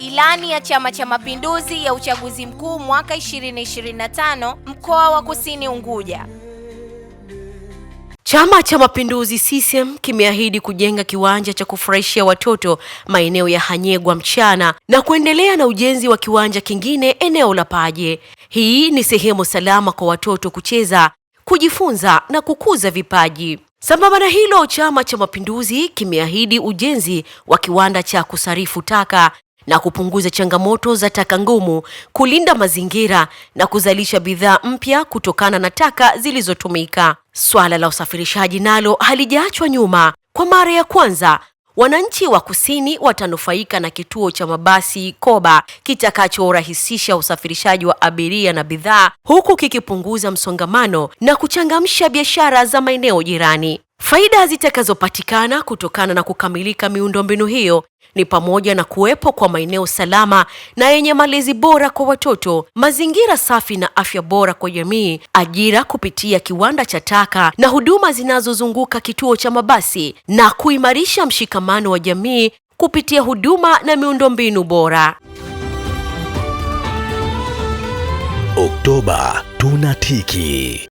Ilani ya Chama cha Mapinduzi ya uchaguzi mkuu mwaka 2025 mkoa wa Kusini Unguja. Chama cha Mapinduzi CCM kimeahidi kujenga kiwanja cha kufurahishia watoto maeneo ya Hanyegwa mchana na kuendelea na ujenzi wa kiwanja kingine eneo la Paje. Hii ni sehemu salama kwa watoto kucheza, kujifunza na kukuza vipaji. Sambamba na hilo, Chama cha Mapinduzi kimeahidi ujenzi wa kiwanda cha kusarifu taka na kupunguza changamoto za taka ngumu, kulinda mazingira na kuzalisha bidhaa mpya kutokana na taka zilizotumika. Swala la usafirishaji nalo halijaachwa nyuma. Kwa mara ya kwanza wananchi wa kusini watanufaika na kituo cha mabasi Koba kitakachorahisisha usafirishaji wa abiria na bidhaa, huku kikipunguza msongamano na kuchangamsha biashara za maeneo jirani. Faida zitakazopatikana kutokana na kukamilika miundombinu hiyo ni pamoja na kuwepo kwa maeneo salama na yenye malezi bora kwa watoto, mazingira safi na afya bora kwa jamii, ajira kupitia kiwanda cha taka na huduma zinazozunguka kituo cha mabasi na kuimarisha mshikamano wa jamii kupitia huduma na miundombinu bora. Oktoba tunatiki.